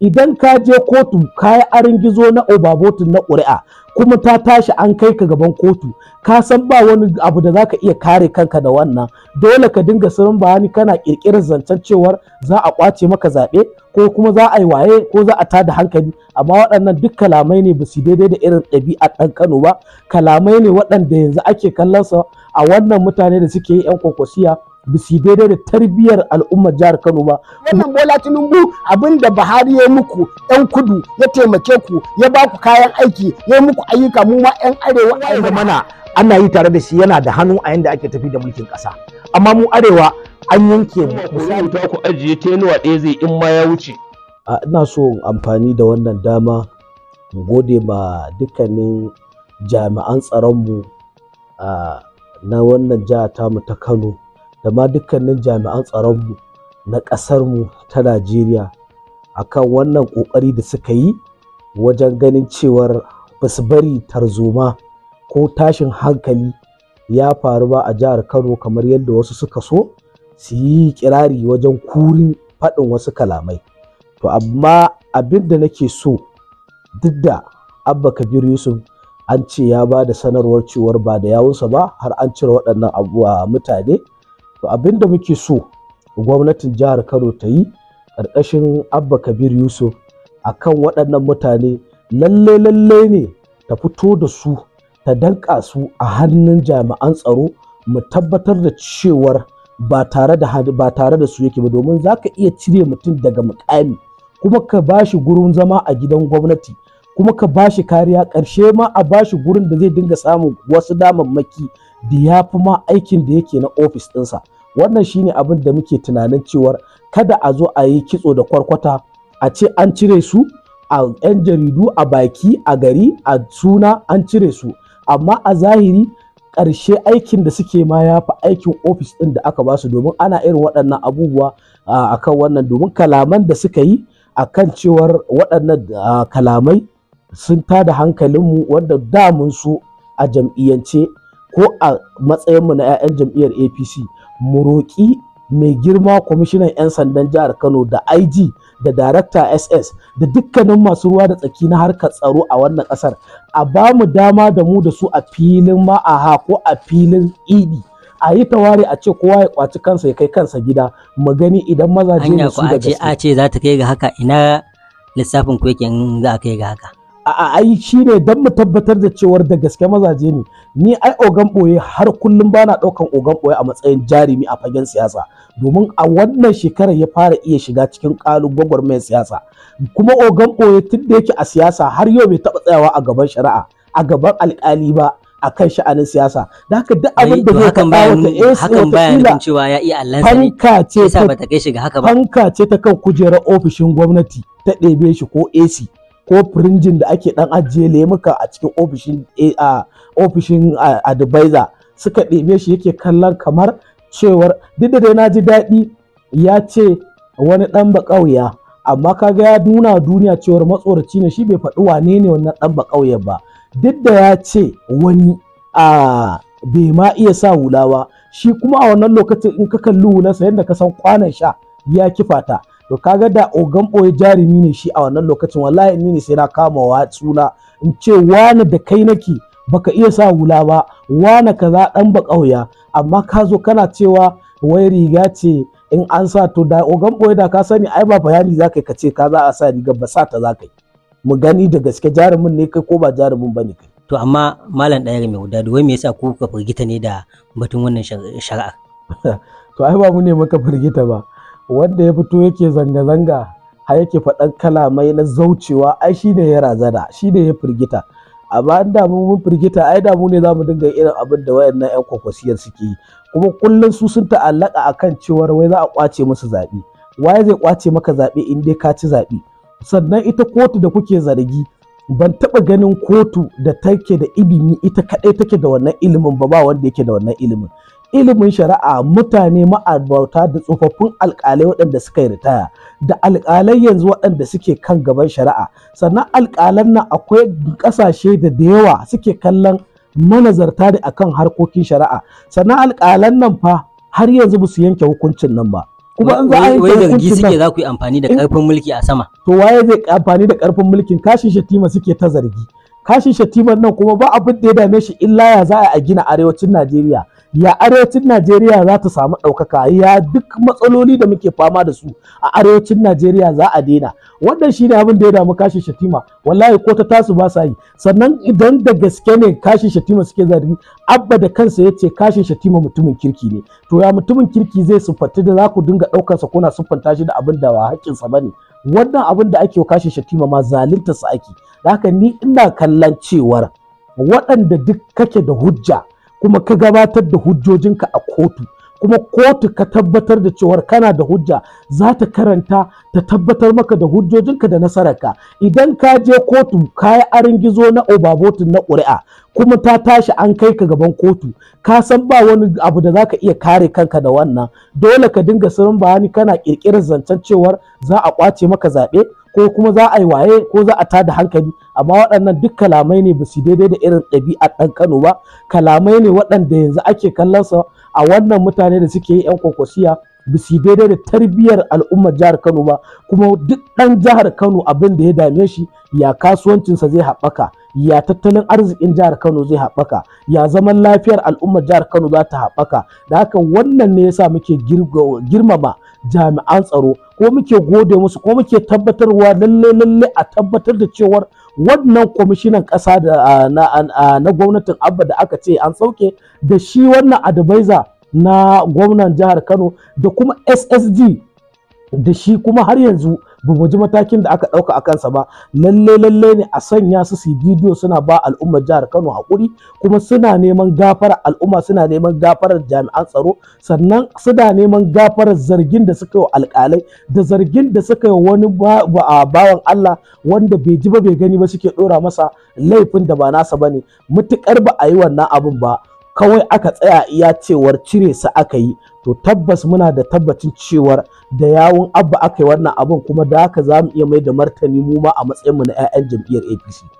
idan ka je kotu kayi arin gizo na Obabotin na ƙuri'a kuma ta tashi an kai ka gaban kotu ka san ba wani abu da zaka iya kare kanka da wannan dole ka dinga sanin wani kana kirkirar zancen cewar za a kwace maka zaɓe ko kuma za a yi waye ko za a tada hankali amma waɗannan duk kalamai ne ba su daidai da irin ɗabi'a ɗan Kano ba kalamai ne waɗanda yanzu ake kallon sa a wannan mutane da suke yi 'yan kokosiya Bisi daidai da tarbiyar al'ummar jihar Kano ba. Wannan Bola Tinubu abinda Buhari ya muku ɗan kudu ya taimake ku ya ba ku kayan aiki ya muku ayyuka mu ma 'yan arewa a mana ana yi tare da shi yana da hannu a yanda ake tafi da mulkin ƙasa. Amma mu arewa an yanke mu. Misali ta ku ajiye yanuwa ɗaya zai in ma ya wuce. Ina so in amfani da wannan dama gode ma dukkanin jami'an tsaronmu na wannan jiha tamu ta Kano. da ma dukkanin jami'an tsaronmu na ƙasarmu ta Najeriya akan wannan ƙoƙari da suka yi wajen ganin cewar basu bari tarzoma ko tashin hankali ya faru ba a jihar Kano kamar yadda wasu suka so su yi kirari wajen kurin faɗin wasu kalamai. To amma abin da nake so duk da Abba Kabir Yusuf an ce ya ba da sanarwar cewar ba da yawunsa ba har an cire waɗannan abubuwa mutane. to abin da muke so gwamnatin jihar kano ta yi ƙarƙashin abba kabir yusuf a kan waɗannan mutane lalle lalle ne ta fito da su ta danƙa su a hannun jami'an tsaro mu tabbatar da cewar ba tare da ba tare da su yake ba domin za ka iya cire mutum daga mukami kuma ka ba shi gurin zama a gidan gwamnati kuma ka ba shi kariya ƙarshe ma a ba shi gurin da zai dinga samun wasu damammaki da ya fi ma aikin da yake na ofis ɗinsa wannan shine abin da muke tunanin cewar kada a zo a yi kitso da kwarkwata a ce an cire su a 'yan jaridu a baki a gari a suna an cire su amma a zahiri ƙarshe aikin da suke ma ya fi aikin ofis ɗin da aka ba su, domin ana irin waɗannan abubuwa a kan wannan domin kalaman da suka yi a kan cewar waɗannan kalamai sun tada hankalinmu wanda damun su a jam'iyyance ko a matsayinmu na 'ya'yan jam'iyyar apc mu roƙi mai girma kwamishinan 'yan sandan jihar kano da ig da darakta ss da dukkanin masu ruwa da tsaki na harkar tsaro a wannan kasar a ba mu dama da mu da su a filin ma'aha ko a filin idi a yi tawari a ce kowa ya kwaci kansa ya kai kansa gida mu gani idan mazaje ne su da gaske a ce za ta kai ga haka ina lissafin ku yake in za a kai ga haka a ai shi ne don mu tabbatar da cewar da gaske mazaje ne ni ai ogan boye har kullum ba na ɗaukan ogan ɓoye a matsayin jarumi a fagen siyasa domin a wannan shekarar ya fara iya shiga cikin ƙalu gwagwarmayar siyasa kuma ogan ɓoye tun da yake a siyasa har yau bai taɓa tsayawa a gaban shari'a a gaban alƙali ba a kan sha'anin siyasa da haka duk abin da zai kaɗa wata AC wata cewa ya iya fanka ce ta fanka ce ta kan kujerar ofishin gwamnati ta ɗebe shi ko AC ko firinjin da ake dan ajiye lemuka a cikin ofishin eh, a ofishin advisor suka ɗebe shi yake kallon kamar cewar duk da dai na ji daɗi ya ce wani ɗan baƙauya amma kaga ya nuna duniya cewar matsoraci ne shi bai faɗi wane ne wannan ɗan baƙauyen ba duk da ya ce wani a bai ma iya sa hula ba shi kuma a wannan lokacin in ka kalli hulansa yadda ka san kwanan sha ya kifata. to kaga da ogan boye jarumi ne shi a wannan lokacin wallahi ni ne sai na kama wa tsuna in ce wani da kai nake baka iya sa hula ba wani kaza dan ba kauya amma ka zo kana cewa wai riga ce in an sa to da ogan boye da ka sani ai ba bayani za ka ce ka za a sa riga ba sa ta zakai yi mu gani da gaske jarumin ne kai ko ba jarumin bane kai to amma malam ɗaya mai wuda wai me yasa ku ka firgita ne da batun wannan shari'a to ai ba mu ne muka firgita ba wanda ya fito yake zanga-zanga har yake faɗan kalamai na zaucewa ai shi ne ya razana shi ne ya firgita amma an damu mun firgita ai damu ne za mu dinga irin abin da wayannan 'yan kwakwasiyar suke yi kuma kullum su sun ta'allaka akan cewar wai za a kwace musu zaɓe waye zai kwace maka zaɓe in dai ka ci zaɓe sannan ita kotu da kuke zargi ban taɓa ganin kotu da take da ilimi ita kaɗai take da wannan ilimin ba ba wanda yake da wannan ilimin ilimin shari'a mutane ma'abarta da tsofaffin alƙalai waɗanda suka yi ritaya da alƙalai yanzu waɗanda suke kan gaban shari'a sannan alkalan nan akwai ƙasashe da da yawa suke kallon manazarta da akan harkokin shari'a sannan alkalan nan fa har yanzu ba su yanke hukuncin nan ba kuma an za a yanke hukuncin suke za ku yi amfani da ƙarfin mulki a sama to waye zai amfani da ƙarfin mulkin kashin shatima suke ta zargi kashin shatiman nan kuma ba abin da ya dame shi illa ya za a gina arewacin najeriya ya arewacin Najeriya za ta samu ɗaukaka ya duk matsaloli da muke fama da su a arewacin Najeriya za a daina wannan shine abin da ya damu kashi shatima wallahi ko ta tasu ba sa yi sannan idan da gaske ne kashi shatima suke zargi abba da kansa ya ce kashi shatima mutumin kirki ne to ya mutumin kirki zai siffanti da za ku dinga ɗaukarsa kuna siffanta shi da abin da ba haƙƙinsa ba ne wannan abin da ake kashi shatima ma zalunta su ake da haka ni ina kallon cewar waɗanda duk kake da hujja kuma ka gabatar da hujjojinka a kotu kuma kotu ka tabbatar da cewar kana da hujja za ta karanta ta tabbatar maka da hujjojinka da nasararka idan ka je kotu ka yi arin gizo na obabotin na ƙuri'a kuma ta tashi an kai ka gaban kotu ka san ba wani abu da za ka iya kare kanka da wannan dole ka dinga sanin bayani kana ƙirƙirar zancen cewar za a ƙwace maka zaɓe ko kuma za a yi waye ko za a tada hankali amma waɗannan duk kalamai ne ba su daidai da irin ɗabi'a ɗan Kano ba kalamai ne waɗanda yanzu ake kallon sa a wannan mutane da suke yi 'yan kwakwasiya ba su daidai da tarbiyyar al'ummar jihar Kano ba kuma duk ɗan jihar Kano abin da ya dame shi ya kasuwancinsa zai haɓaka ya tattalin arzikin jihar Kano zai haɓaka ya zaman lafiyar al'ummar jihar Kano za ta haɓaka da haka wannan ne yasa muke girmama jami'an tsaro ko muke gode musu ko muke tabbatarwa lalle lalle a tabbatar da cewar wannan kwamishinan ƙasa da na gwamnatin abba da aka ce an sauke da shi wannan advisor na gwamnan jihar kano da kuma ssd da shi kuma har yanzu ba mu ji matakin da aka ɗauka a kansa ba lalle lalle ne a sanya su su bidiyo suna ba al'ummar jihar Kano hakuri? kuma suna neman gafarar al'umma suna neman gafarar jami'an tsaro sannan suna neman gafarar zargin da suka yi alƙalai da zargin da suka yi wani bawan Allah wanda bai ji ba bai gani ba suke ɗora masa laifin da ba nasa ba ne, matukar ba a yi wannan abin ba kawai aka tsaya iya cewar cire sa aka yi to tabbas muna da tabbacin cewar da yawun abba aka yi wannan abin kuma da haka za mu iya mai da martani mu ma a matsayinmu na 'ya'yan jam'iyyar apc